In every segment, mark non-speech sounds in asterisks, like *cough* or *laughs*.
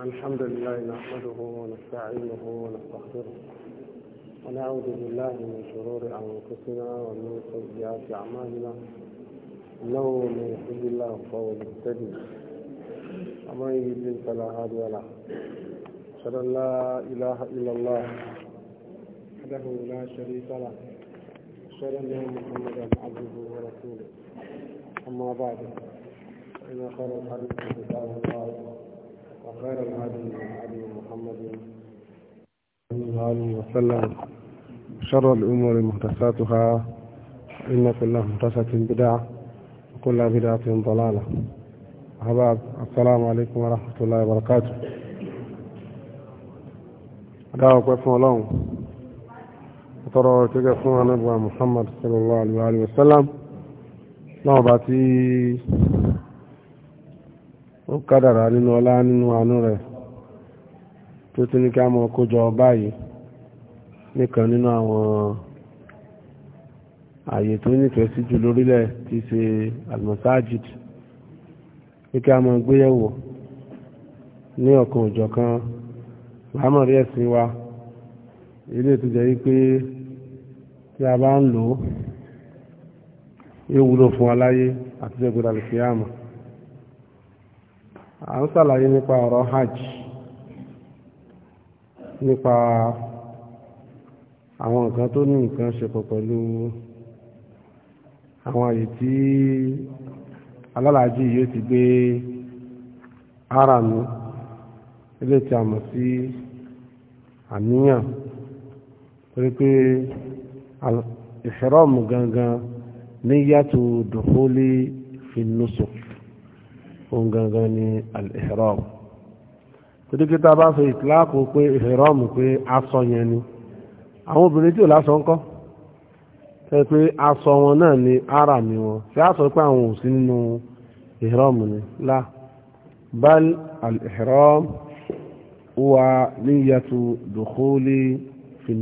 الحمد لله نحمده ونستعينه ونستغفره ونعوذ بالله من شرور أنفسنا ومن سيئات أعمالنا إنه من يهده الله فهو المهتدي ومن يهدي فلا هادي له أشهد أن لا إله إلا الله وحده لا شريك له أشهد أن محمدا عبده ورسوله أما بعد فإن خير الحديث كتاب الله وخير الهدي هدي محمد صلى الله عليه وسلم شر الأمور محدثاتها إن كل محدثة بدعة وكل بدعة ضلالة أحباب السلام عليكم ورحمة الله وبركاته دعوة قفنا لهم tọrọ kíkẹ́ fún محمد صلى الله عليه وسلم sallam ó kádàrà nínú ọlá nínú àánú rẹ̀ tó ti ní kí a mọ̀ kójọ báyìí nìkan nínú àwọn ààyè tó nífẹ̀ẹ́ sí jù lórílẹ̀ ti ṣe almasajid ní kí a mọ̀ gbéyẹ̀wò ní ọ̀kan òjọ̀ kan lámọ̀rí ẹ̀sìn wa ilé tó jẹ́ wípé tí a bá ń lò ó yóò wúlò fún aláyé àti ṣẹ́gun alìkíyàmọ̀ à ń sàlàyé nípa ọ̀rọ̀ hajj nípa àwọn nǹkan tó ní nǹkan ṣe pọ̀ pẹ̀lú àwọn àyè tí alálàájì yóò ti gbé ara mi ilé tí a mọ̀ sí àníyàn torí pé ìfẹ́rọ̀mù gangan ní yàtò dùnkólé fi nusuk òun gangan ni al-ihram kìdíkítà bá fi ìtìláàkù pé ihram pé aṣọ yẹn ni àwọn obìnrin tí ò lásọ ńkọ́ tẹ́ pé aṣọ wọn náà ni ara mi wọn tí a sọ pé àwọn ò sí nínú ihram ni la bal al-ihram huwa niyyatu dukhuli fi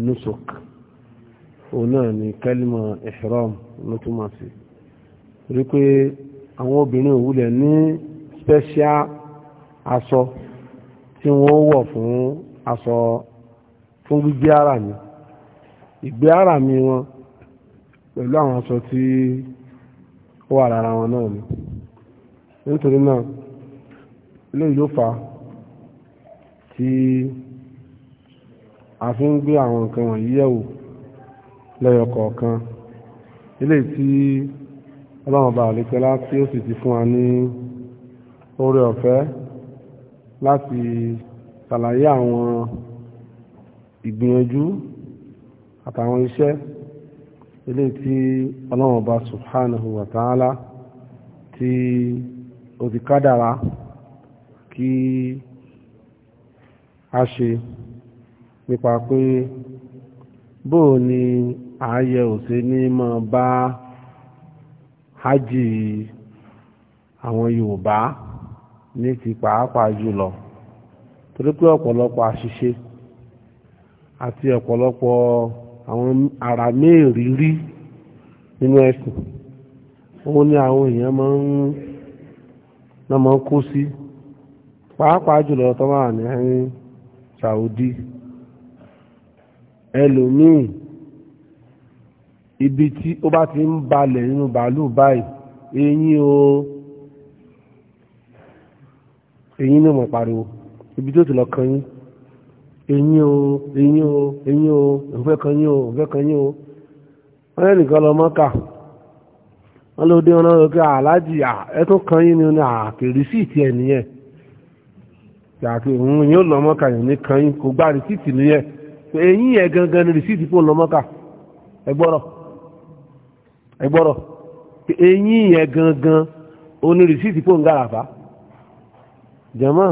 náà ni kálímà ihram ló túmọ̀ sí rí pé àwọn obìnrin òwúlẹ̀ ní special aṣọ tí wọ́n wọ̀ fún aṣọ fún gbígbé ara mi ìgbé ara mi wọn pẹ̀lú àwọn aṣọ tí ó wà lára wọn náà ni nítorí náà eléyìí ló fà á tí a fi ń gbé àwọn nǹkan wọ̀nyí yẹ̀wò lẹ́yọ kọ̀ọ̀kan eléyìí tí ọlọ́run bá àlékẹ́lá tí ó sì ti fún wa ní oore ọ̀fẹ́ láti ṣàlàyé àwọn ìgbìyànjú àtàwọn iṣẹ́ ilé tí ọlọ́run ọba subhanahu wa ta'ala tí ó ti kádàrá kí a ṣe nípa pé bóò ni ààyè òsè ní máa bá hajj àwọn Yorùbá ní ti pàápàá jùlọ torí pé ọ̀pọ̀lọpọ̀ àṣìṣe àti ọ̀pọ̀lọpọ̀ àwọn àrà mẹ́rìírí nínú ẹ̀sìn òun ni àwọn èèyàn máa ń náà máa ń kó sí pàápàá jùlọ tó máa ní ẹ̀yìn Saudi ẹlòmíì ibi tí ó bá ti ń balẹ̀ nínú bàálù báyìí eyín o. ẹ̀yin náà mọ̀ pariwo ibi tó ti lọ kan yín o ẹ̀yin o ẹ̀yin o òfẹ́ kan yín o òfẹ́ kan yín o wọ́n yẹn nìkan lọ mọ́kà wọ́n ló dé wọn náà lókè aláàjì ẹ̀tún kan yín ni wọ́n ní ẹ̀ nìyẹn yàtọ̀ òun yóò lọ mọ́kà yìí ní kan yín kò gba rìsíìtì nìyẹn ẹ̀yin yẹn gangan ni rìsíìtì kò lọ mọ́kà ẹ gbọ́rọ̀ ẹ gbọ́rọ̀ ẹ̀yin yẹn gangan oní rìsíìtì kò ń jẹ́mọ́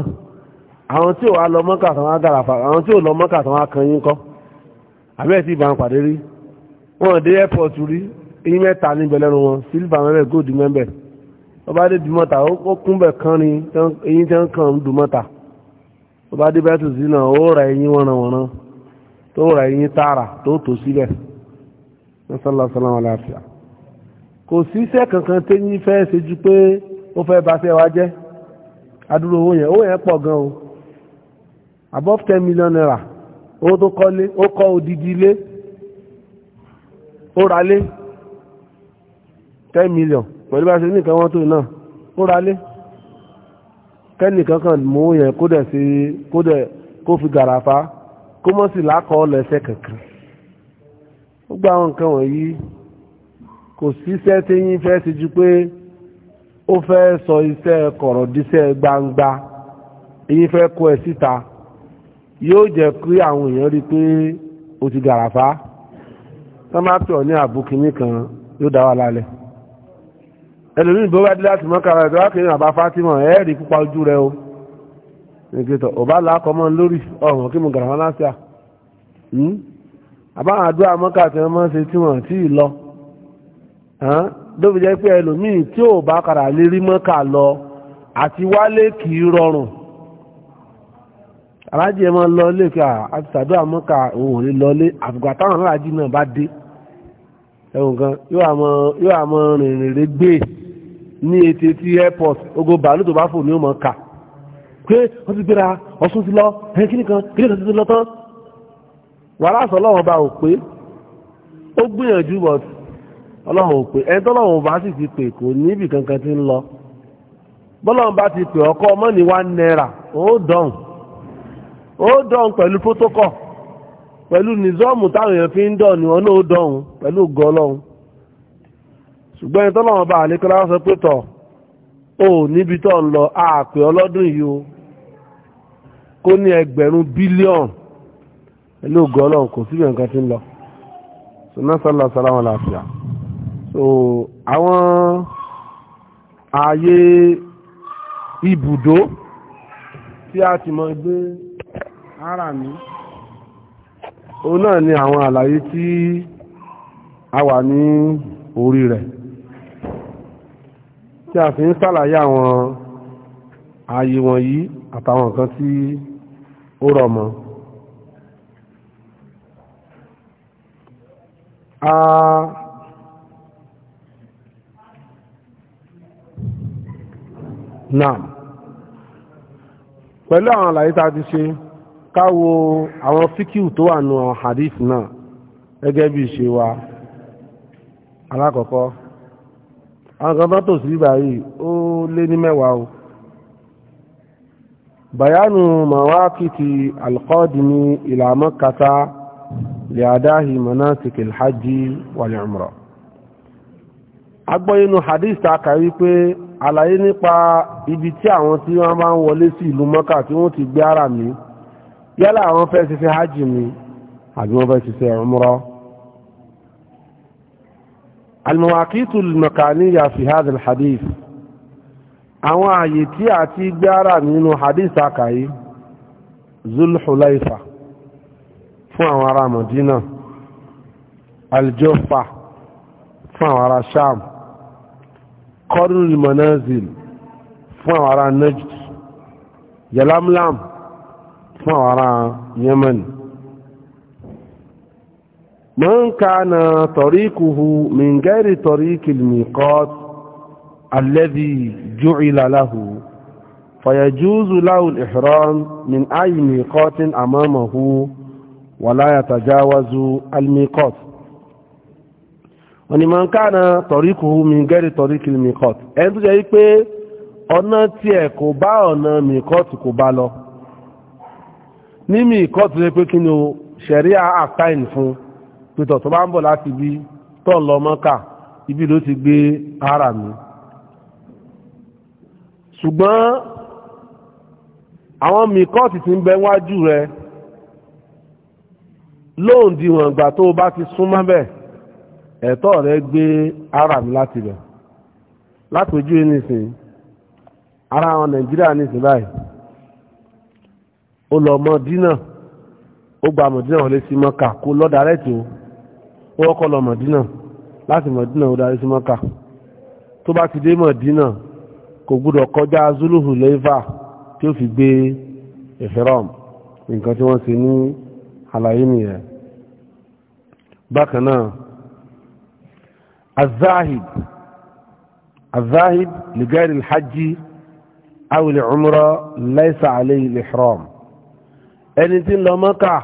àwọn tí ò wá lọ mọ́kà tán wá gàràfà àwọn tí ò lọ mọ́kà tán wá kan yín kọ́ àbẹ́ẹ̀ tí ìbá ń pàdé rí wọ́n dé airport rí eyín mẹ́ta níbẹ̀ lẹ́nu wọn sílífà mẹ́bẹ̀ góòdù mẹ́bẹ̀ ọba dé dùmọ́ta ó kúnbẹ̀ kán ni eyín tẹ́ ń kàn dùmọ́ta ọba dé bẹ́ẹ̀ tó sí náà ó ra eyín wọ́nranwọ̀nran tó ra eyín tààrà tó tò sílẹ̀ sọ́lọ́sọ́lọ́ àlàáfíà kò sí iṣẹ́ kankan téyín fẹ́ ṣe ju pé ó fẹ́ bá ṣe wa jẹ́ adúró owó yẹn owó yẹn pọ̀ gan o above ten million naira owó tó kọ́lé ó kọ́ odidi ilé ó ralé ten million pẹ̀lú bá ṣe nìkan wọ́n tó náà ó ralé kẹ́nìkan kan mú yẹn kó dẹ̀ sí kó dẹ̀ kó fi gàràfà kó mọ́ sí lákọ̀ọ́ lẹ́sẹ̀ kankan ó gbà àwọn nǹkan wọ̀nyí kò sí sẹ́tẹ́yìn fẹ́ sí ju pé ó fẹ́ sọ iṣẹ́ kọ̀rọ̀ díṣẹ́ gbangba èyí fẹ́ kó ẹ síta yóò jẹ́ kí àwọn èèyàn rí pé o ti gàràfá sámápì ọ̀ ní àbúkíní kan yóò dá wà lálẹ́ ẹlòmíì bó bá dé láti mọ́kàrà ẹ̀dọ́ wákìnrin àbá Fátímọ̀ ẹ̀ rí púpà ojú rẹ o nìkìtọ̀ ọba làákọ́mọ́ lórí ọ̀hún kí mo gàràfá láṣà hmm? àbáwọn àdúrà mọ́kà tí wọ́n ṣe tí wọ́n ti lọ ló fi jẹ́ pé ẹlòmíì tí ò bá kàrà lè rí mọ́kà lọ àti wálé kì í rọrùn aláàjì ẹ̀ máa lọ lẹ́kà àti sàdúrà mọ́kà òun ò lè lọlé àfùgbà táwọn aláàjì náà bá dé ẹ̀wọ̀n kan yóò àmọ́ rìnrìnrìn gbé ní ètè tí airport ogo bàálù tó bá fò ní òmò kà pé wọ́n ti gbéra ọ̀sùn ti lọ ẹ̀ kí nìkan kí nìkan ti lọ tán wàhálà sọ lọ́wọ́ bá ò pé ó gbìyànjú bọ̀tù ọlọ́run ò pè ẹni tọ́lọ́run bá sì ti pè kò níbi kankan tí ń lọ bọ́lọ́run bá ti pè ọkọ ọmọ ní one naira ó dọ̀hùn ó dọ̀hùn pẹ̀lú protocol pẹ̀lú nìzọ́ọ̀mù táwọn èèyàn fi ń dọ̀ ní ọ̀nà ó dọ̀hùn pẹ̀lú gọlọ́hùn ṣùgbọ́n ẹni tọ́lọ́run bá àlékọ́lá sọ pé tọ̀ ó níbi tọ́ ń lọ àpè ọlọ́dún yìí o kó ní ẹgbẹ̀rún bílíọ̀n pẹ̀lú gọlọ́hùn kò síbi nǹkan tí ń lọ sọ náà sọ́lá sọ́lá so àwọn ààyè ibùdó tí a ti mọ gbé ara mi òun náà ni àwọn àlàyé tí a wà ní orí rẹ̀ tí a fi ń sàlàyé àwọn ààyè wọ̀nyí àtàwọn nǹkan tí ó rọ̀ mọ́ a naam pẹ̀lú àwọn àlàyé tá a ti ṣe káwo àwọn fíkíù tó wà nù hadith náà gẹ́gẹ́ bí ìṣe wa alákọ̀ọ́kọ́ àwọn kan bá tò sí bíbá yìí ó lé ní mẹ́wàá o bayanu mawakiti alqadimi ila liadahi manasikil hajji wal umrah agbọ́yé nu hadith ta kà wípé àlàyé nípa ibi tí àwọn tí wọ́n bá ń wọlé sí ìlú mọ́kà tí wọ́n ti gbé ara mi yálà àwọn fẹ́ ṣiṣẹ́ hajj mi àbí wọ́n fẹ́ ṣiṣẹ́ umra al-mawaqitu al-makaniya hadith àwọn àyè tí a ti gbé ara mi nínú hadith ta kà zulhulaifa fún àwọn ará madina aljofa fún àwọn ará sham قرن المنازل فان وراء نجد يلام لام فان وراء يمن من كان طريقه من غير طريق الميقات الذي جعل له فيجوز له الإحرام من أي ميقات أمامه ولا يتجاوز الميقات wọ́n ni máa ń káàna tọ̀ríkù mi gẹ́rì tọ̀ríkì mikọ́t ẹni tó jẹ́ wípé ọ̀nà tiẹ̀ kò bá ọ̀nà mikọ́t kò bá lọ ní mikọ́t rẹ pé kí ni o ṣẹ̀ríà àtàìn fún pétọ̀ tó bá ń bọ̀ láti ibi tó ń lọ mọ́kà ibi ló ti gbé ara mi ṣùgbọ́n àwọn mikọ́t ti ń bẹ wájú rẹ lóòndìwọ̀n ìgbà tó o bá ti sún bẹ́ẹ̀ ẹ̀tọ́ rẹ gbé ara mi láti bẹ̀ látòjú nísìn ara àwọn nàìjíríà nísìn báyìí ó lọ mọ̀dínà ó gba mọ̀dínà wọlé sí mọ́kà kó lọ dàrẹ́tì ó ó kọ́ lọ mọ̀dínà láti mọ̀dínà ó darí sí mọ́kà tó bá ti dé mọ̀dínà kò gbúdọ̀ kọjá zuluhu leva tí ó fi gbé ìfẹ́rọ̀m nǹkan tí wọ́n ṣe ní àlàyé nìyẹn bákan náà الذاهب الذاهب لغير الحج أو العمرة ليس عليه الإحرام ẹni tí ń lọ Mọ́kà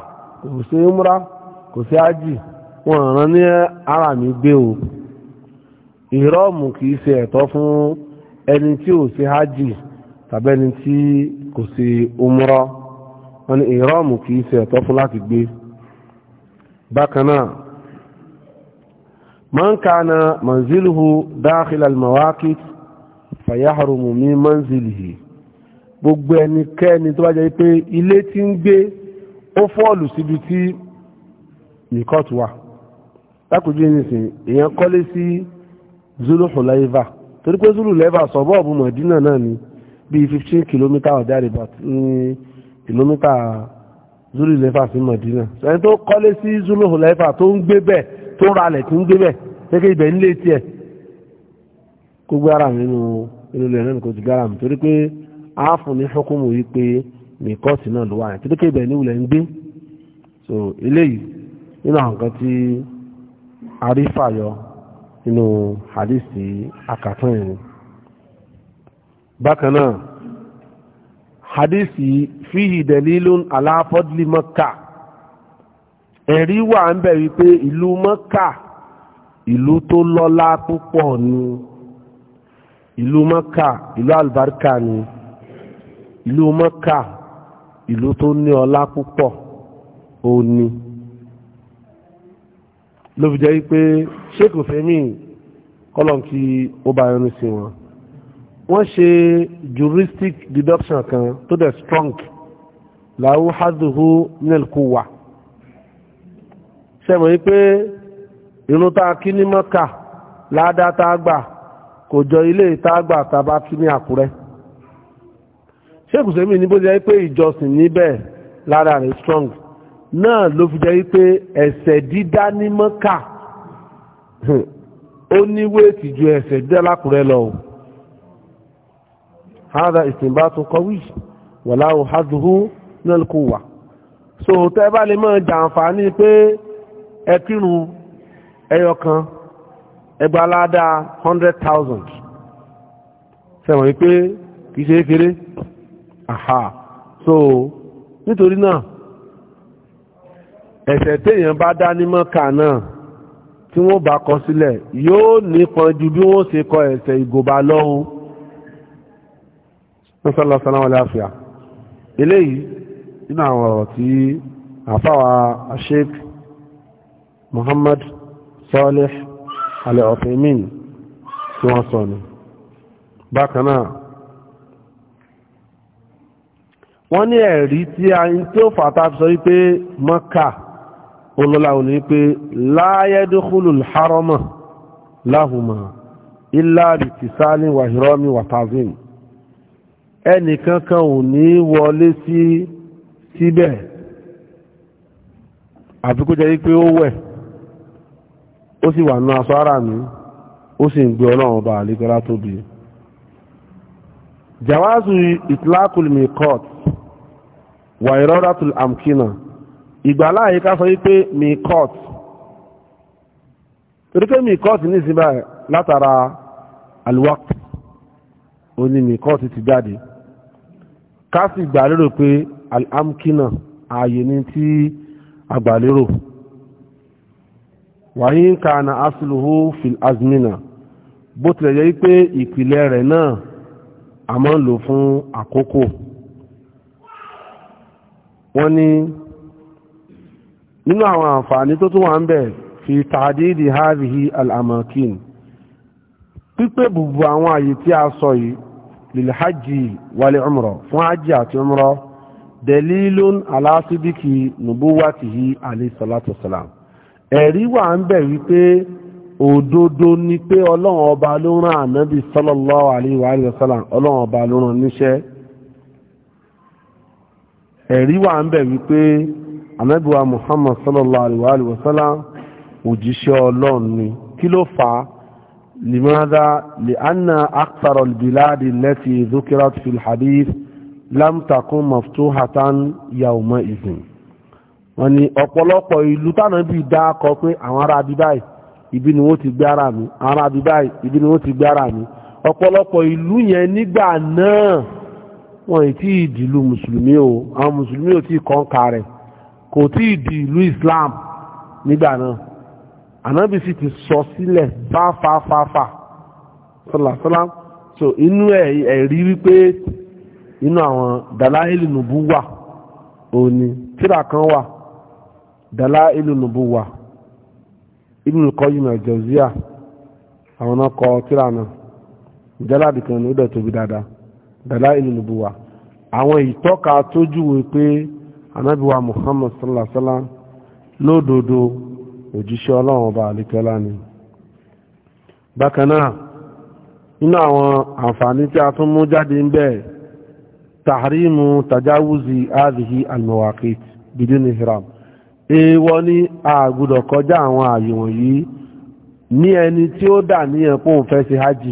kò sí umra kò sí ájì wọn rán ní ara mi gbé o ìrọ́ọ̀mù kìí ṣe ẹ̀tọ́ fún ẹni tí ò sí ájì tàbí ẹni tí kò sí umra wọn ni ìrọ́ọ̀mù kìí ṣe ẹ̀tọ́ fún láti gbé bákan náà من كان منزله داخل المواقف فيحرم من منزله gbogbo ẹnikẹ́ni tó bá jẹ́ pé ilé tí ń gbé ó fọ́ọ̀lù síbi tí mikọ́tù wà lákòójú ìrìnsìn èèyàn kọ́lé sí zulu hulaiva torí pé zulu hulaiva sọ̀bọ́ọ̀bù mọ̀dínà náà ni bíi fifteen kilometre or thereabout ní kìlómítà zulu hulaiva sí mọ̀dínà ẹni tó kọ́lé sí zulu hulaiva tó ń gbé bẹ́ẹ̀ tó ń ra alẹ̀ tí ń gbé bẹ̀ gẹ́gẹ́ ibẹ̀ nílé tiẹ̀ kó gbé nínú inú ilẹ̀ náà ti mi torí pé fún ní yìí pé mìkọ́ọ̀tì náà ló wà so eléyìí nínú àwọn tí nínú hadisi bákan náà fíhì ẹ̀rí wà ń bẹ̀ wípé ìlú mọ́kà ìlú tó lọ́lá púpọ̀ ni ìlú mọ́kà ìlú àlùbáríkà ni ìlú mọ́kà ìlú tó ní ọlá púpọ̀ ó ní ló fi jẹ́ wípé sheikh femi kọ́lọ̀n kí ó bá yọnu sí wọn wọ́n ṣe juristic deduction kan tó dẹ̀ strong láwú hazuhu nílùkú wà sẹ́mọ̀ yí pé irun tá a kí ní mọ́kà ládàá tá a gbà kò jọ ilé tá a gbà tá a bá kí ní àkúrẹ́ ṣéèkùsẹ́mì ní bó jẹ́ pé ìjọsìn níbẹ̀ lára rẹ̀ strong náà ló fi jẹ́ pé ẹ̀ṣẹ̀ dídá ní mọ́kà ó ní wéètì ju ẹ̀ṣẹ̀ dídá lákùrẹ́ lọ o hada istinbatu qawi wala haduhu nalkuwa so tẹ́ bá lè máa jàǹfààní pé ẹ kírun ẹyọ kan ẹgbà hundred thousand sẹ́wọ̀n wípé kì í ṣe é kéré aha so nítorí náà ẹ̀ṣẹ̀ téèyàn bá dá ní mọ́kà náà tí wọ́n bá kọ sílẹ̀ yóò nípọn ju bí wọ́n ṣe kọ ẹ̀ṣẹ̀ ìgòbá lọ́hùn sallallahu alaihi wa sallam eléyìí nínú àwọn ọ̀rọ̀ tí àfáwà sheikh Muhammad Salih Al-Uthaymeen tí wọ́n sọ ni bákan náà wọ́n ní ẹ̀rí tí a ń tí ó fàtà sọ wípé Mọ́kà olóla òní pé la yadkhulul harama lahuma illa bi tisali wa hirami ẹnìkankan ò ní wọlé sí síbẹ̀ àfikún wípé ó wẹ̀ ó sì wà ní aṣọ ara mi ó sì ń gbé ọlọ́run ọba àlégọ́lá tóbi jawazu itlaqul miqat wà iradatul amkina ìgbàláyé ká sọ wípé miqat torí pé miqat ní ìsinmi látara alwaqt ó ní miqat ti jáde ká sì gbà lérò pé alamkina ààyè ní tí àgbàlérò wàyí kàánà asluhu fil azmina bó tilẹ̀ yẹ pé ìpìlẹ̀ rẹ̀ náà a máa ń lò fún àkókò wọ́n ní nínú àwọn àǹfààní tó tún wà ń bẹ̀ fi tàdídì háàrìhì al'amakin pípé bùbù àwọn àyè tí a sọ yìí lìlhájì wàlẹ̀ umrọ̀ fún hajji àti umrọ̀ dalilun alásídìkì nùbúwàtìhì alayhi salatu wasalam ẹ̀rí wà ń bẹ̀ wípé òdodo ni pé ọlọ́run ọba ló rán ànábì sallallahu alaihi wa sallam ọlọ́run ọba ló rán níṣẹ́ ẹ̀rí wà ń bẹ̀ wípé ànábì wa Muhammad sallallahu alaihi wa sallam òjíṣẹ́ ọlọ́run ni kí ló fà á لماذا لأن أكثر البلاد التي ذكرت في الحديث لم تكن مفتوحة يومئذ wọ́n ní ọ̀pọ̀lọpọ̀ ìlú tánà bí dákọ pé àwọn ará Dubai ibi ni wọ́n ti gbé ara mi àwọn ará Dubai ibi ni wọ́n ti gbé ara mi ọ̀pọ̀lọpọ̀ ìlú yẹn nígbà náà wọ́n ì tí ì dìlú mùsùlùmí o àwọn mùsùlùmí ò tí ì kọ́ńkà rẹ̀ kò tí ì di ìlú Islam nígbà náà ànábì sì ti sọ sílẹ̀ fáfáfáfá sọlásọlá so inú ẹ̀rí wípé inú àwọn dàláìlì nùbú wà òní tíra kan wà Dalailu Nubuwa Ibn Qayyim al-Jawziyya àwọn náà kọ tíra náà ìjálàdì kan ní ó dẹ̀ tóbi dáadáa Dalailu Nubuwa àwọn ìtọ́ka tójúwe pé anábíwá Muhammad sallallahu alaihi wasallam lódodo òjíṣẹ́ ọlọ́run ọba àlekẹ́lá ni bákan náà nínú àwọn àǹfààní a tún mú jáde ń bẹ tahrimu tajawuzi hadhihi al-mawaqit bidun ihram èèwọ̀ ni àgùdọ̀ kọjá àwọn ààyè wọ̀nyí ní ẹni tí ó dà ní ẹ̀pọ̀ òfẹ́ ṣe hajj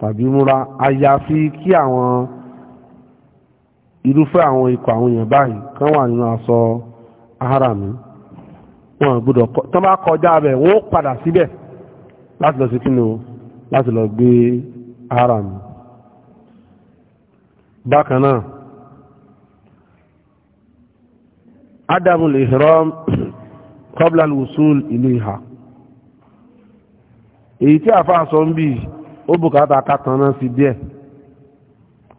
tàbí múra àyàfi kí àwọn irúfẹ́ àwọn ikọ̀ àwọn èèyàn báyìí kan wà nínú aṣọ aharami wọn gbọ́dọ̀ tó bá kọjá abẹ wọn ó padà síbẹ̀ láti lọ sí kínú láti lọ gbé aharami bákan náà adamu al-ihram qabla al-wusul ilayha èyí tí àfáà sọ ń bí ó bùkátà kàtàná sí díẹ̀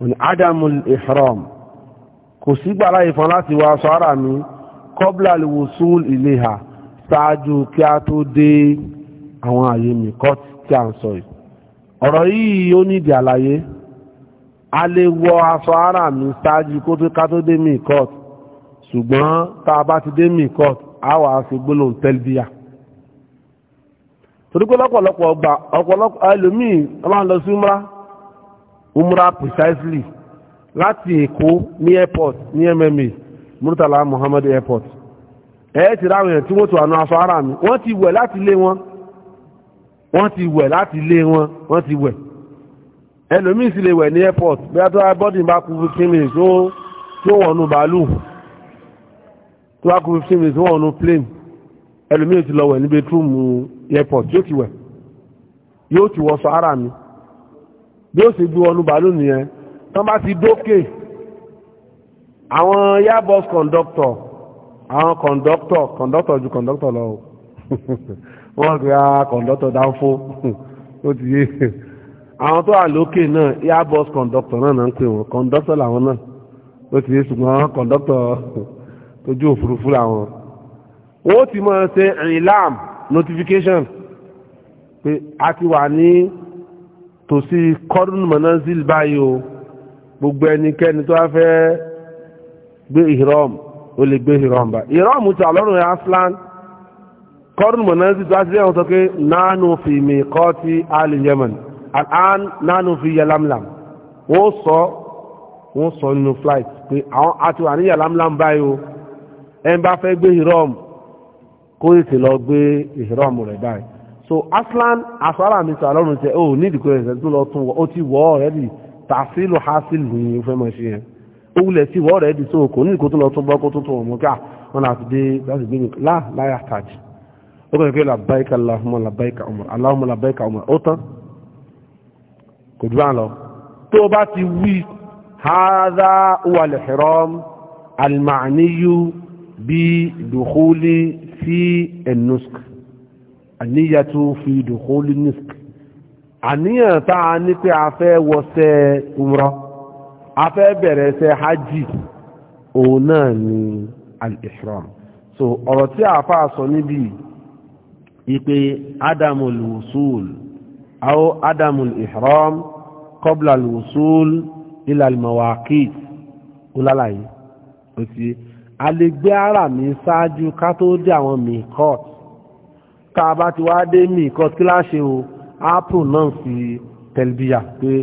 òní adamu al-ihram kò sígbà láyé fún láti wá aṣọ ara mi qabla al-wusul ilayha ṣáájú kí a tó dé àwọn àyè mi kọ́ tí a ń sọ yìí ọ̀rọ̀ yìí ó nídìí àlàyé a lè wọ aṣọ ara mi ṣáájú kó tó ká tó dé mi kọ́ọ̀tù ṣùgbọ́n tá a bá ti dé mikot a wà á fi gbólóhùn tẹ́lbíyà torí pé lọ́pọ̀lọpọ̀ ọgbà ọ̀pọ̀lọpọ̀ ẹlòmíì ọlọ́run sí umra umra precisely láti èkó ní airport ní MMA Murtala Muhammad airport ẹ̀ẹ́ ti ráwọn èèyàn tí wọ́n tó àna aṣọ ara mi wọ́n ti wẹ̀ láti lé wọn wọ́n ti wẹ̀ láti lé wọn wọ́n ti wẹ̀ ẹlòmíì sì lè wẹ̀ ní airport bí a tó bá bọ́dì bá kú fifteen minutes tó wọ̀nù bàálù tó wá kú fifteen minutes wọ́n wọnú plane ẹlòmíì ti lọ wẹ̀ ní bẹ́tírúmù airport yóò ti wẹ̀ yóò ti wọ sahara mi bí ó sì gbé wọnú bàálù nìyẹn tán bá ti dókè àwọn airbus conductor àwọn conductor conductor ju conductor lọ o *laughs* wọ́n gbé a ah, conductor dánfó *laughs* ó ti yé àwọn tó wà lókè náà airbus conductor náà náà ń pè wọ́n conductor làwọn náà ó ti yé ṣùgbọ́n conductor tójú òfurufú làwọn wọ́n ti máa ṣe ìlàm notification pé a ti wà ní tòsí kọ́dún manazil báyìí o gbogbo ẹnikẹ́ni tó wá fẹ́ gbé ihram ó lè gbé ihram bá ihram ti àlọ́run aslan kọ́dún manazil tó wá sí ẹ̀wọ̀n sọ pé nánú fi miqati al yemen al'an nánú fi yalamlam wọ́n sọ wọ́n sọ nínú flight pé àwọn àti wà ní yalamlam báyìí o ẹn bá fẹ́ gbé ihram kó èsì lọ gbé ihram rẹ̀ báyìí so aslan asara mi sọ alọ́run tẹ ó oh, ní ìdíkọ́ ẹ̀sẹ̀ tó lọ tún wọ́ ó ti wọ́ ọ̀rẹ́dì tàṣílù hasil ní ìfẹ́ mọ̀ ṣe yẹn ó wulẹ̀ sí wọ́ ọ̀rẹ́dì tó kò ní ìdíkọ́ tó lọ tún bọ́ kó tó tún ọmọ ká wọn láti dé láti gbé nìkan láà láyà tàjì ó kàn pé làbáyíkà Allahumma làbáyíkà Umar ó tán kò jù bá lọ tó o bá ti wí hadha wal ihram al بدخولي في النسك النية في دخول النسك àníyàn táa ní pé a fẹ́ wọṣẹ́ umra a fẹ́ bẹ̀rẹ̀ ṣẹ́ hajji òun náà ni al-ihram so ọ̀rọ̀ tí a fà sọ níbi ipe adamul wusul aw adamul ihram qabla al-wusul ila al-mawaqit ulalayi o ti a lè gbé ara mi ṣáájú ká tó dé àwọn mìíkọ́t ká bá ti wá dé mìíkọ́t kí láṣẹ o ápù náà sí tẹ̀lbíyà pé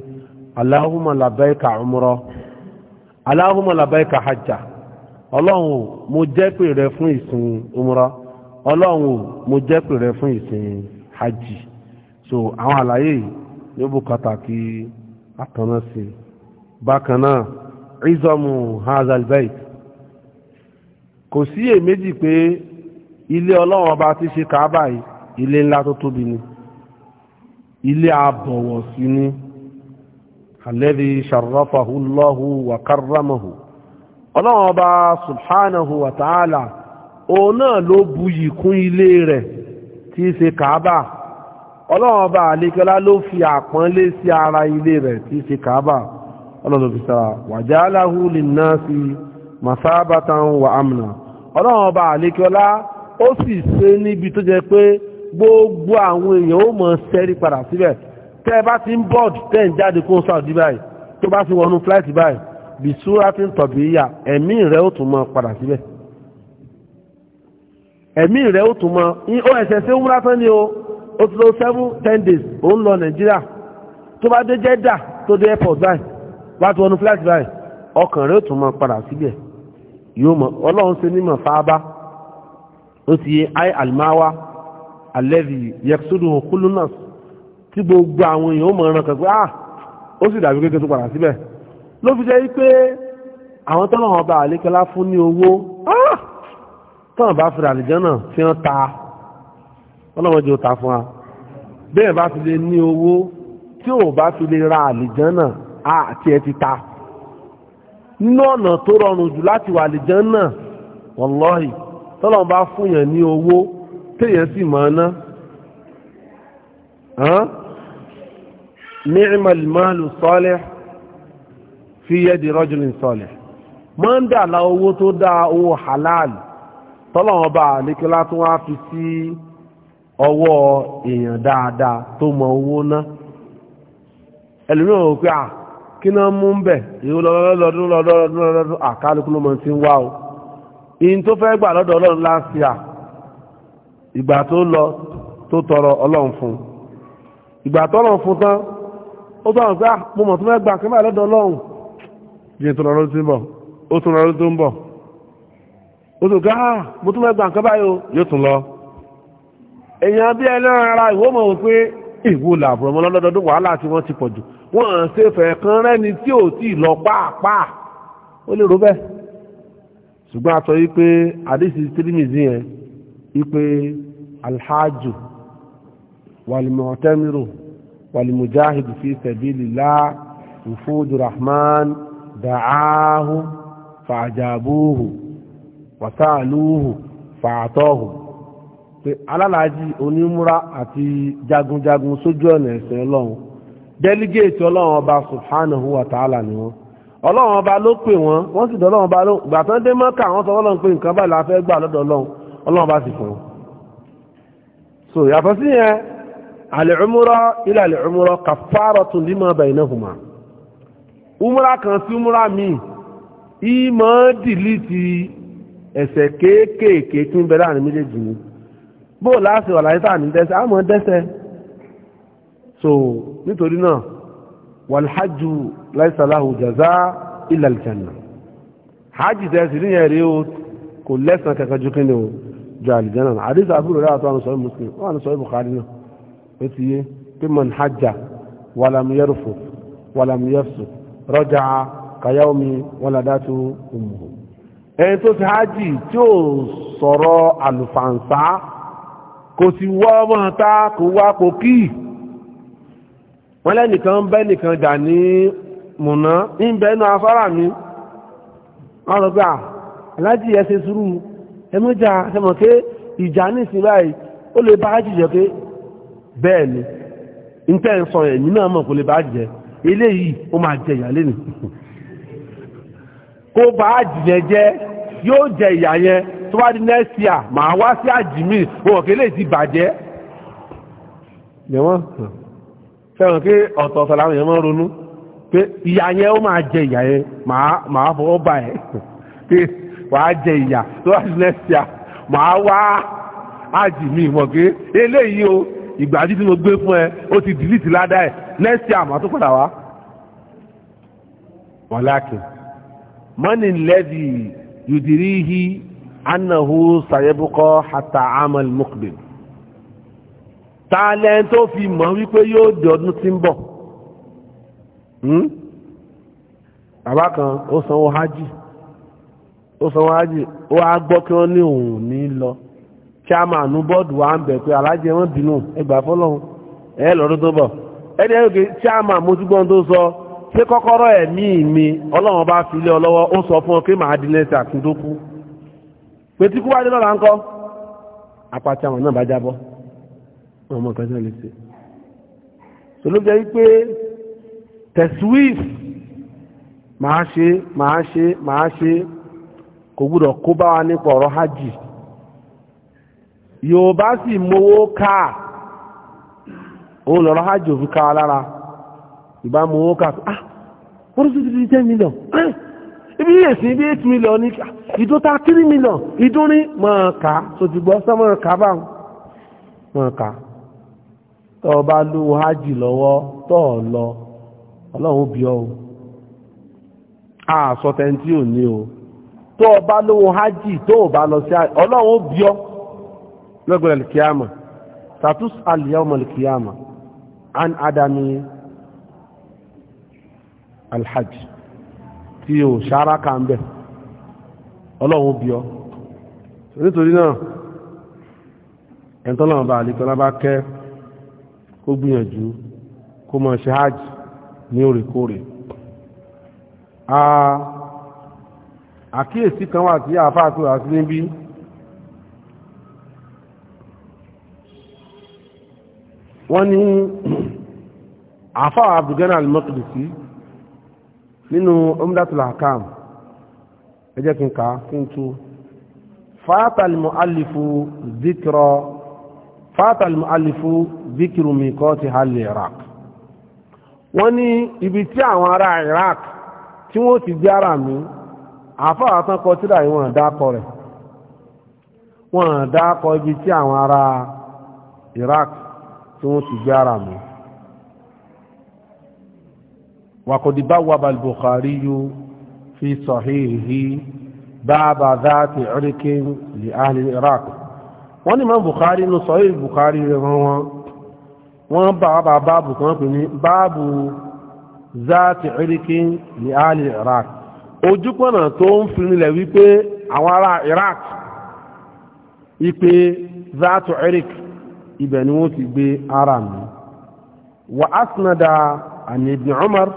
Allahumma labbaika umra Allahumma labbaika hajja ọlọ́run mo jẹ́ pè rẹ fún ìsìn umra ọlọ́run mo jẹ́ pè rẹ fún ìsìn hajj so àwọn àlàyé ní bùkátà kí àtọ́nà sí bákan náà ìzọmù hazalbait kò sí èméjì pé ilé ọlọ́run ọba ti ṣe kàábà yìí ilé ńlá tó tóbi ni ilé àbọ̀wọ̀ sí ni alladhi sharrafahu Allahu wa karramahu ọlọ́run ọba subhanahu wa ta'ala òun náà ló buyì kún ilé rẹ̀ tí í ṣe kàábà ọlọ́run ọba àlekọ́lá ló fi àpọ́nlé sí ara ilé rẹ̀ tí í ṣe kàábà ọlọ́run ló fi sára wa masabatan wa amna ọlọ́run ọba àlékiọlá ó sì ṣe níbi tó jẹ pé gbogbo àwọn èèyàn ó mọ̀ sẹ́rí padà síbẹ̀ tẹ́ bá ti ń bọ́ọ̀d tẹ́ ń jáde kó Saudi báyìí tó bá ti wọnú fúláìtì báyìí bìsúra ti ń tọ̀bí yà ẹ̀mí rẹ̀ ó tún mọ̀ padà síbẹ̀ ẹ̀mí rẹ̀ ó tún mọ̀ ó ẹ̀sẹ̀ sí umra tán ni o ó ti lọ seven ten days ó ń lọ Nàìjíríà tó bá dé Jeddah tó dé airport báyìí wá ti wọnú fúláìtì báyìí ọkàn rẹ̀ ó tún mọ̀ padà síbẹ̀ yóò mọ̀ ọlọ́run ṣe ní mọ̀fáàbá ó ti yé ai almawa alẹ́bí yẹksúdù kúlúnàs tí gbogbo àwọn èèyàn ó mọ̀ ẹran kẹgbẹ́ ah ó sì dàbí kékeré tó padà síbẹ̀ ló fi jẹ́ pé àwọn tọ́nà ọba àlékẹ́lá fún ní owó ah tọ́nà bá fi àlìjánà fi hàn ta ọlọ́run jẹ́ òta fún wa bẹ́ẹ̀ bá fi lè ní owó tí ò bá fi lè ra àlìjánà àti ẹ nínú ọ̀nà tó rọrùn jù láti wà àlìjánà wọ̀lọ́hì tọ́lọ́n bá fúnyàn ní owó téèyàn sì mọ̀ ọ́ná ni'mal malu salih fi yadi rajulin salih máa ń dà la owó tó dá owó halal tọ́lọ́n bá àlékélá tó wá fi sí ọwọ́ èèyàn dáadáa tó mọ owó ná ẹlòmíràn ò pé à ah, kí náà mú ń bẹ̀ ìwọ lọ́dún lọ́dún lọ́dún àkálùkù ló mọ̀ tí ń wá o ìyìn tó fẹ́ gbà lọ́dọ̀ ọlọ́run láṣìá ìgbà tó lọ tó tọrọ ọlọ́run fún ìgbà tọ́lọ́run fún tán ó tọ́rọ̀ pé ah, mo mọ̀ tó fẹ́ gbà kẹ́mà lọ́dọ̀ ọlọ́run jẹ́ tó lọ́dún tí ń bọ̀ ó tún lọ́dún tó ń bọ̀ ó tún ká ah, mo tún fẹ́ gbà nǹkan báyìí yóò tún lọ èèyàn bí ẹlẹ́ran ara ìwọ́mọ̀ wò pé ìwò làbùrọ̀mọ́ lọ́dọọdún wàhálà tí wọ́n ti pọ̀ jù wọ́n ṣe fẹ̀ kan rẹ́ni tí ò tí lọ pàápàá ó lè rò bẹ́ẹ̀ ṣùgbọ́n a sọ wípé àdísì tírìmìzì yẹn wípé alhájù wàlìmọ̀tẹ́mìrò wàlìmọ̀jáhìdì fi sabilillah ìfúdù rahman dàáhù fàjàbúhù wàtàlúhù fàtọ́hù pé alálàájì onímúra àti jagunjagun sójú ọ̀nà ẹ̀sìn ọlọ́run delegate ọlọ́run ọba subhanahu wa ta'ala ni wọn ọlọ́run ọba ló pè wọn wọ́n sì dọ́lọ́run ọba ló gbà tán dé mọ́kà wọ́n sọ ọlọ́run pé nǹkan báyìí la fẹ́ gbà lọ́dọ̀ ọlọ́run ọlọ́run ọba sì fún so yàtọ̀ sí yẹn kan sí míì kéékèèké méjèèjì ni bó wà láyé so nítorí náà wàlhájú láìsàláhù jàzá ilal janna hajj tẹ́sí ní ẹ̀rí o kò lẹ́sàn kankan ju kí ni o ju àlìjánà náà àdìsá àbúrò rẹ̀ àtọ́ àwọn sọ̀rọ̀ muslim wọ́n àwọn sọ̀rọ̀ bukhari náà ó ti yé pé man hajja wàlàmù yarfu wàlàmù yafsu rọ́jà kàyáwómi wàlàdátù ummuhu ẹni tó ti hajj tí ó sọ̀rọ̀ àlùfàǹsá kò sì wọ́ kò wá kò kíì wọ́n lẹ́nìkan bẹ́ nìkan dà ní mùná ń bẹ́ inú afárá mi wọ́n rọ̀ pé aláàjì ẹ ṣe sùúrù ẹmọ́jà sẹmọ̀ pé ìjà ní ìsìn báyìí ó lè bá jìjẹ pé bẹ́ẹ̀ ni ń tẹ́ ń sọ ẹ̀yìn náà mọ̀ kò lè bá jẹ eléyìí ó máa jẹ ìyà lẹ́nu *laughs* kó bá jìjẹ jẹ yóò jẹ ìyà yẹn tó bá di next year wá sí àjìmí òwò kí eléyìí ti bàjẹ́ yẹ̀wọ́n sẹ́wọ̀n pé ọ̀tọ̀ọ̀tọ̀ làwọn èèyàn máa ronú pé ìyá yẹn ó máa jẹ ìyá yẹn màá fọwọ́ bà ẹ́ *laughs* pé wàá jẹ ìyá tó wá sí next year wá ájì mi mọ̀ pé eléyìí o ìgbàdí tí mo gbé fún ẹ ó ti dìlítì ládà ẹ next year tó padà wá. walakin mọ́nì lẹ́dí yùdìrí hi annahu sayẹ́bùkọ́ hàtà amal mukbil tààlẹ́ tó fi mọ̀ wípé yóò di ọdún tí ń bọ̀ hmm? bàbá kan ó sanwó hájì ó sanwó hájì ó wá gbọ́ kí wọ́n ní òun ní lọ kí a máa nu bọ́ọ̀dù wa ń bẹ̀ pé alájẹ wọn bínú ẹgbà fọlọ́hún ẹ lọ́dún tó bọ̀ ẹni ẹ̀rọ kí kí a máa mójú gbọ́n tó sọ ṣé kọ́kọ́rọ́ ẹ̀mí mi ọlọ́run bá fi lé ọ lọ́wọ́ ó sọ fún ọ pé màá di lẹ́sẹ̀ àkúndókú pé tí kú wá dé lọ́la ńkọ́ apàtì àwọn náà bá jábọ́ ọmọ kẹta lè ṣe solójẹ́ wípé tẹ̀síwìf máa ṣe máa ṣe máa ṣe kò gbúdọ̀ kó bá wa nípa ọ̀rọ̀ hajj yorùbá sì mowó káà òun lọ́rọ̀ hajj òfin káà lára ìbá mowó káà ah wọ́n tún ti di ten million eh, ibi yìí èsì ibi eight million ní ah, ìdóta three million ìdúnrín mọ̀ọ́ká tó ti gbọ́ sọ́mọ́ọ́ká báwọn mọ̀ọ́ká tọ́ ọ bá hajj lọ́wọ́ tọ́ ọ lọ ọlọ́run bí ọ àsọtẹ́ tí ò ní o tó o bá lówó hajj tó o bá lọ sí ọlọ́run bí ọ lọ́gbọ̀n alìkíyàmà satus alìyàmà alìkíyàmà an adami alhajj tí o ṣára ká ń bẹ̀ ọlọ́run bí ọ nítorí náà ẹ̀ńtọ́lọ́run bá àlìkọ́lá bá kẹ́ kó gbìyànjú kó máa ṣe hajj ní òrèkóòrè àkíyèsí kan wà tí àáfáà tó rà sí níbí wọ́n ní *clears throat* àáfáà abdulgana al-maqdisi nínú umdatul ahkam ẹ jẹ́ kí n kà á kí n fata al-mu'allifu zikiru mikoti hal iraq wọ́n ní ibi tí àwọn ará iraq tí wọ́n ti jẹ́ ara mi àfáà tán kọ tíra yìí wọ́n dákọ rẹ̀ wọ́n dákọ ibi tí àwọn ará iraq tí wọ́n ti jẹ́ ara mi wàkòdìbá wàbà al-bukhari fi sahihihi báàbà dáàtì ọ̀rẹ́kẹ́ lè ahli iraq wọ́n ní máa Bukhari ní sọ èyí Bukhari rẹ̀ wọ́n wọ́n wọ́n bá báàbù kan pè ní báàbù zaati iriki ní alì Iraq ojúpọ̀nà tó ń fi nílẹ̀ wípé àwọn ará Iraq ipe zaati iriki ibẹ̀ ni wọ́n ti gbé ara mi wa asnada an ibn Umar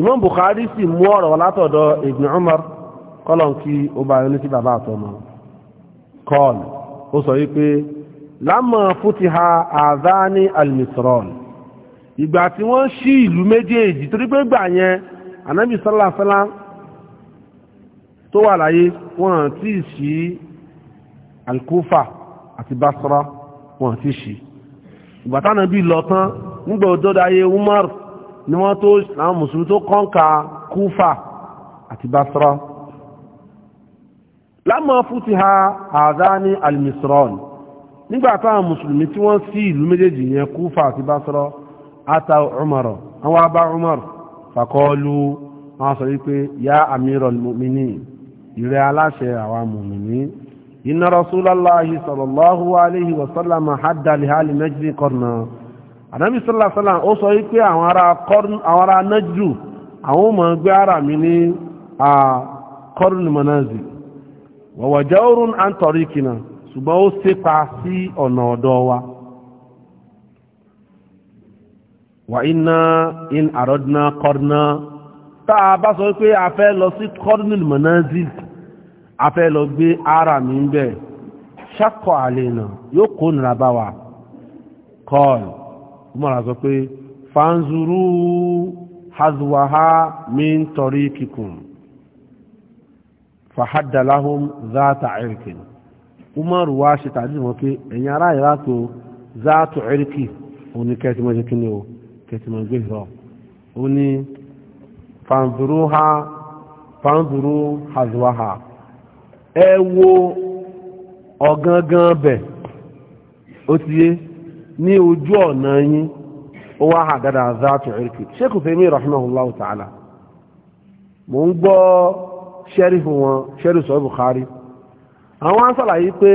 Imam Bukhari sì mú ọ̀rọ̀ látọ̀dọ̀ ibn Umar kọ́lọ̀ kí ó bá yọ ní sí bàbá àtọmọ kọ́ọ̀lù ó sọ wípé lámọ̀ fútiha àdáni almisron ìgbà tí wọ́n ṣí ìlú méjèèjì torí pé gbà yẹn anábì sálàsálà tó wà láyé wọ́n ti ṣí alkufa àti basra wọ́n ti ṣí ìgbà tánàbí lọ tán nígbà òdòdó umar ni wọ́n tó àwọn mùsùlùmí tó kọ́ńkà kúfà àti basra lámọ́ fúti ha àdá ní almisron nígbà táwọn mùsùlùmí tí wọ́n sí ìlú méjèèjì yẹn Kúfà àti Basra ata Umar àwọn abá Umar fàkọọlù wọn sọ wípé ya amiral mu'minin ìrẹ́ aláṣẹ àwọn mùmìnì inna rasulallahi sallallahu alaihi wasallam hadda lihali najdi qarna anabi sallallahu alaihi wasallam ó sọ wípé àwọn ará qarn àwọn ará najdu àwọn ọmọ gbé ara mi ní a qarn wọ̀wọ̀jọ́ orun à ń tọ̀rí kìnà ṣùgbọ́n ó sépa sí ọ̀nà ọ̀dọ́ wa wà iná in àrọ́dúná kọ́dúná tá a bá sọ pé a fẹ́ lọ sí kọ́dúnìl mọ̀názìl a fẹ́ lọ gbé ara mi ń bẹ̀ ṣàkọ̀ àlè náà yóò kó nira bá wa kọ́ọ̀lù mọ́ra sọ pé fanzuru hazuwaha min tọ̀rí kìkùn fàhádàláhùn záàtà ẹ̀rìkì umaru wá ṣe tàbí wọn pé ẹ̀yìn ará ìrà tó záàtà ẹ̀rìkì ó ní kẹtìmọ̀ jẹ́ kíni o kẹtìmọ̀ gbé rọ ó ní fàǹdùrú ha fàǹdùrú hazuwaha ẹ wo ọ̀gangan bẹ̀ ó ti yé ní ojú ọ̀nà yín ó wá àgádà záàtù ẹ̀rìkì ṣékùfẹ́ mi rahimahullahu ta'ala mo ń gbọ́ ṣẹ́rífù wọn ṣẹ́rífù sọ Bukhari àwọn á sàlàyé pé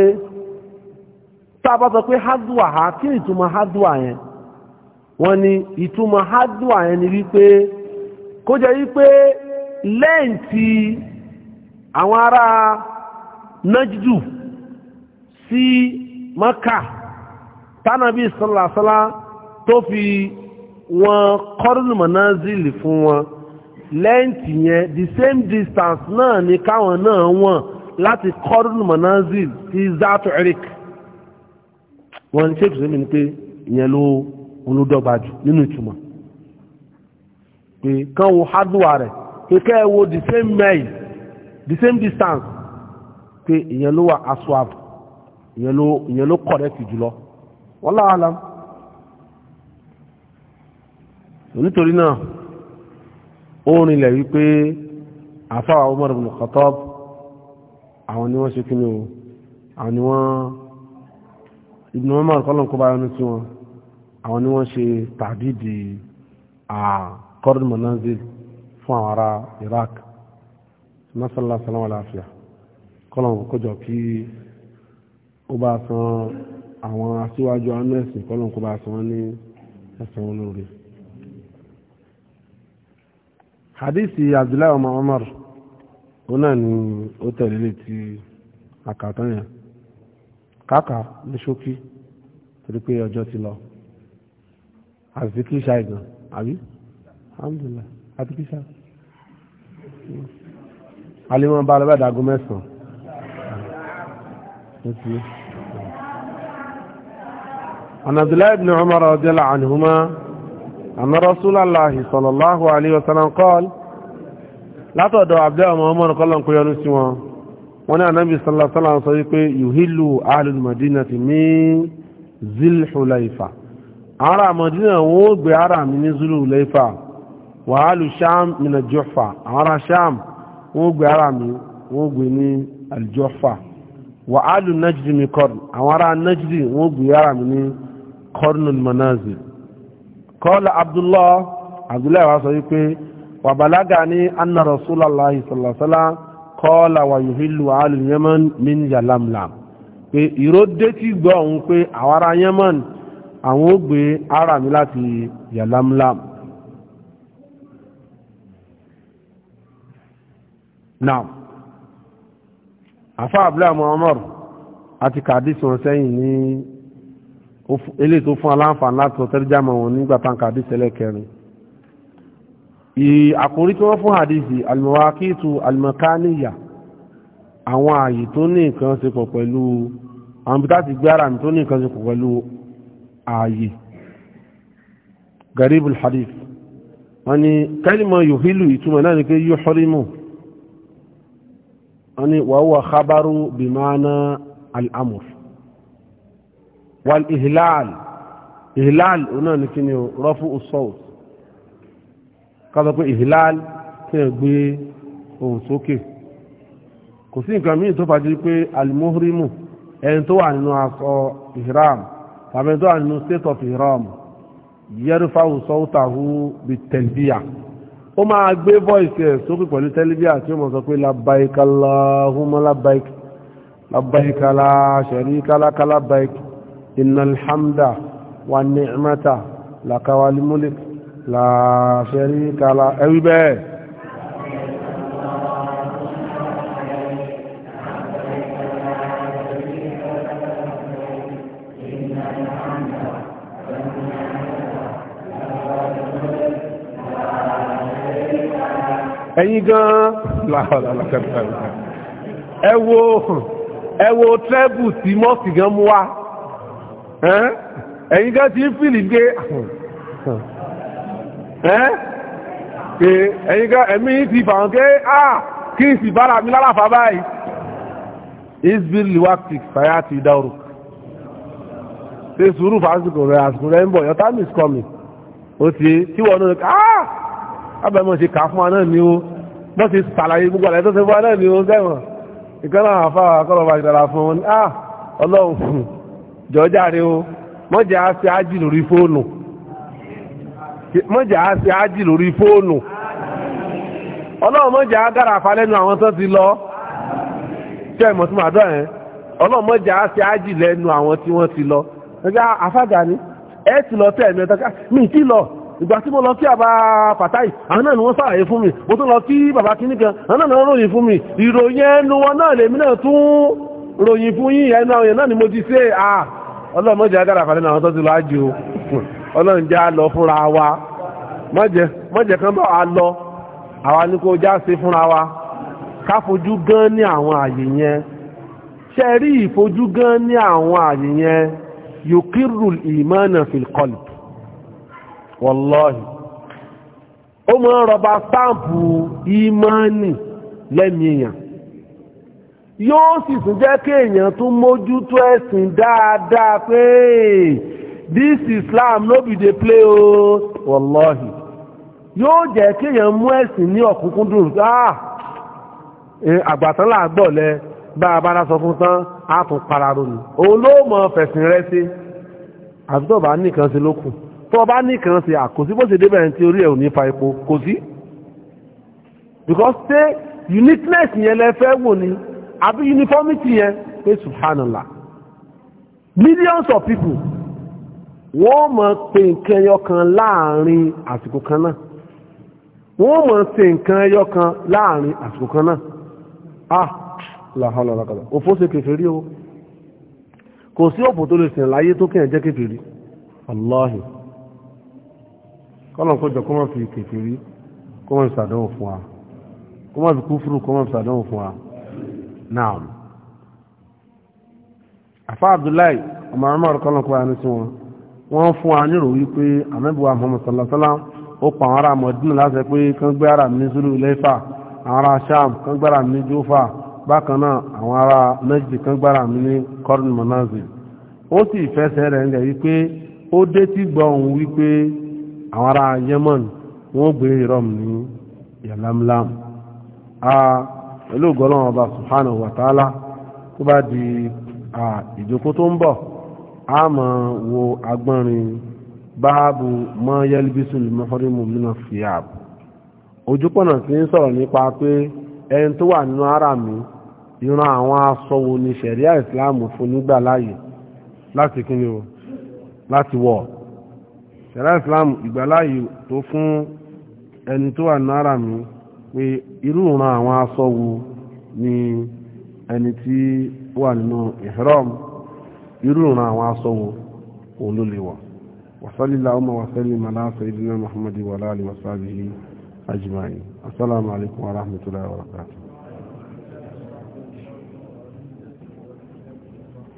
tá a bá sọ pé hadua ha kí ni ìtumọ̀ hadua yẹn wọ́n ní ìtumọ̀ hadua yẹn ni wípé kó jẹ́ wípé lẹ́yìn tí àwọn ará nájúdù sí Maka tánàbí sọlásọlá tó fi wọn kọ́rùnmọ̀ náà zìlì fún wọn lẹ́ǹtì yẹn the same distance náà ni káwọn náà wọ̀n láti kọ́rùn mọ̀nánzìl sí zato eric wọ́n ní ṣéèkì sẹ́mi ni pé ìyẹn ló olódọ́gba jù nínú ìtumọ̀ pé kán wo hardware rẹ̀ pé kẹ́ ẹ wo the same mile the same distance pé ìyẹn ló wà aswab ìyẹn ló ìyẹn ló correct jùlọ wallahu alam nítorí náà ó rinlẹ̀ wípé àfáwà Umar ibn Khattab àwọn ni wọ́n ṣe kí ni o àwọn ni wọ́n Ibn Umar kọ́lọ̀ kó bá yọnu sí wọn àwọn ni wọ́n ṣe tàbídì àkọ́rùn manazil fún àwọn ará Iraq nasala salama lafiya kọ́lọ̀ kójọ kí ó bá san àwọn aṣíwájú amẹ́sìn kọ́lọ̀ kó bá san ní ẹ̀sán olóore hadisi abdullahi ọmọ Umar ó náà ni ó tẹ̀lé létí àkàtàn yẹn káàkà ní ṣókí torí pé ọjọ́ ti lọ àti kí ṣáà ìgbọ̀n àbí alhamdulillah àti kí ṣáà alimọ̀ bá lọ́bàá dàgó mẹ́sàn-án عن عبد الله بن عمر رضي الله عنهما أن رسول الله صلى الله عليه وسلم قال لا تدعو عبداء مؤمن قال لهم قيانو سوا وانا النبي صلى الله عليه وسلم صديقه يهل أهل المدينة من ذي الحليفة أرى مدينة ووض بأرى من ذي الحليفة وأهل الشام من الجحفة أرى شام ووض بأرى من ووض من الجحفة وأهل النجد من قرن أرى النجد ووض بأرى من قرن المنازل kọ́lá abdullah abdullah wa sọ wípé wà bàlágà ní anna rasulallah sallasala kọ́lá wà yuhillu alu yemen min yalamlam pé ìró détí gbọ́ yemen àwọn ó gbé ara mi láti yalamlam now afa abdullah muhammad àti kàdísùn sẹ́yìn ní eléyìí tó fún aláǹfààní láti sọ tẹ́rìjàmọ̀ wọn nígbà táǹkà àdìsẹ́lẹ̀ kẹrin àkórí tí wọ́n fún àdìsí alìmọ̀wákìtù alìmọ̀káníyà àwọn ààyè tó ní nǹkan ṣe pọ̀ pẹ̀lú àwọn ibi táti gbé ara mi tó ní nǹkan ṣe pọ̀ pẹ̀lú ààyè garibul hadith wọ́n ni kẹ́lìmọ̀ yòhílù ìtumọ̀ náà ni pé yóò ṣọ́rímù wọ́n ni wàhùwà khabaru bimana al'amur wal ihlal ihlal onáà ní kí ni o rọ́fù usọ́ọ̀t kọ́sọ́ pé ihlal kí ẹ gbé ohùn sókè kò sí nǹkan míì tó fàájú pé alimohrimu ẹni tó wà nínú aṣọ ihram tàbí tó wà nínú state of ihram yẹrùfà usọ́ọ̀tàhù bi tẹ̀lbíyà ó máa gbé voice ẹ̀ sókè pẹ̀lú tẹ́lifíà tí ó mọ̀ sọ pé labbaik Allahumma labbaik labbaik la sharika laka labbaik إن الحمد والنعمة لك والملك لا شريك لا أي بيه ẹ̀yin gan ẹ wo ẹ wo trẹ́bù tí mọ́ọ̀sì gan mú wa ẹ̀yin ká ti ń fìlì gbé ẹ̀yin ká ẹ̀mí ti fàwọn ké à kí n sì bára mi lálàfà báyìí isbil liwaktik fàyà ti dáorù ṣe sùúrù fásitì rẹ̀ àsìkò rẹ̀ ń bọ̀ your time is coming ó ti tí wọ́n náà ah abẹ́mọ̀ ṣe kà fún wa náà ni ó bọ́ ti sàlàyé gbogbo àlẹ́ tó ṣe fún wa náà ni ah ọlọ́run jọjáre o mọ́jà asị ajị fóònù asị ajị ṣe tọ ti lọ ṣe ìmọ̀ tí mo àdúrà yẹn ọlọ́run ti lọ ẹgbẹ́ afága ni ẹ ìgbà tí mo lọ kí àbá pàtàkì àwọn náà mi mo lọ kí bàbá kan àwọn náà fún mi ìròyìn ẹnu wọn náà lèmi náà tún fún yín ẹnu àwọn náà ni mo ọlọ́run mọ́jẹ́ agára àfàdé náà tọ́jú lọ ọlọ́run jẹ́ àlọ fúnra wa kan bá wa lọ àwa ní kó já fúnra wa Ka fojú gan ní àwọn àyè yẹn ṣe rí ìfojú gan ní àwọn àyè yẹn yukiru imana fil qalb ó mọ́ rọba sáàpù ìmánì lẹ́mìí yóò sì tún jẹ́ kéèyàn tún mójútó ẹ̀sìn dáadáa pé this Islam no be the play o wàlọ́hì yóò jẹ́ kéèyàn mú ẹ̀sìn ní ọ̀kúnkúndùn ah àgbàtán làgbọ̀ bá a bára sọ fún tán á tún para ronú òun ló mọ fẹ̀sìn rẹ sí àti tó bá nìkan sí ló kù tó bá nìkan sí àkòsí bó ṣe débẹ̀ ní ti orí ẹ̀ ò ní fa epo kò sí because say uniqueness yẹn lẹ fẹ́ wò ni àbí uniformity yẹn pé subhanallah millions of people wọ́n mọ̀ pé nǹkan ẹyọ kan láàrin àsìkò kan náà wọ́n mọ̀ pé nǹkan ẹyọ kan láàrin àsìkò kan náà ah làhálà làkàlà òfó ṣe kèfèrí o kò sí ọ̀pọ̀ tó lè sìn láyé tó kẹ́yàn jẹ́ kèfèrí aláhì kọ́nà kó jọ kó má fi kèfèrí kó má fi sàdánwò fún wa kó má fi kúfúrú kó má fi sàdánwò fún wa naam afa abdullahi ọmọ ọmọ ọ̀rọ̀kọ́lọ́kọ́ ẹni tí wọn wọ́n fún wípé àmẹ́bùwà muhammad sallasala ó pa àwọn ará mọ̀dínà láti pé kán gbé ara mi zulu lẹ́fà àwọn ará sham kán gbára mi jófà bákan náà àwọn ará méjì kán gbára mi ní kọ́rin manazil ó sì fẹsẹ̀ rẹ̀ ńlẹ̀ wípé ó dé tí gbọ́ òun wípé àwọn ará yemen wọ́n gbé ní pẹ̀lú ògbọ́lọ́wọ́ ọba subhanahu wa ta'ala tó bá di ìjókó tó ń bọ̀ a máa wo agbọ́nrin báàbù mọ́ yẹ́lbísù lùmọ́fọ́rímù mìíràn fìyàb ojúpọ̀nà tí ń sọ̀rọ̀ nípa pé ẹni tó wà nínú ara mi ìran àwọn aṣọ wo ni ṣẹ̀ríà ìsìláàmù fún nígbà láàyè láti kí ni o láti wọ̀ ṣẹ̀ríà ìsìláàmù ìgbàláàyè tó fún ẹni tó wà nínú ara mi pé irú ìran àwọn aṣọ ni ẹni tí wà nínú ihram irú ìran àwọn òun ló lè wasalila umar wasali mala sayidina muhammadu wa alihi wa assalamu alaikum wa rahmatullahi